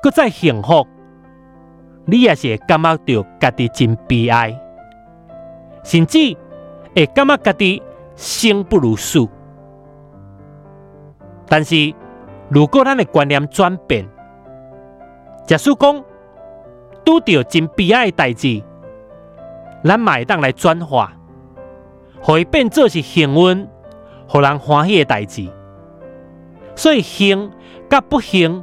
擱再幸福，你也是會感覺到家己真悲哀，甚至會感覺家己生不如死。但是，如果咱嘅觀念轉變，假使講拄到真悲哀嘅代誌，咱咪當來轉化，互伊變做是幸運，互人歡喜嘅代誌。所以，幸甲不幸，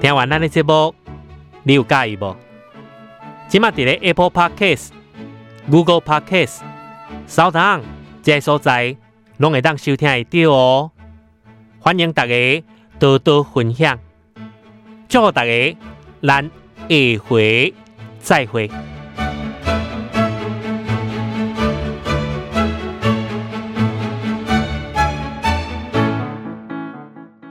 聽完咱的節目，你有介意冇？即馬喺 Apple Podcast、Google Podcast、Sound 等這些所在，攏會當收聽得到哦。歡迎大家多多分享，祝大家，咱下回再會。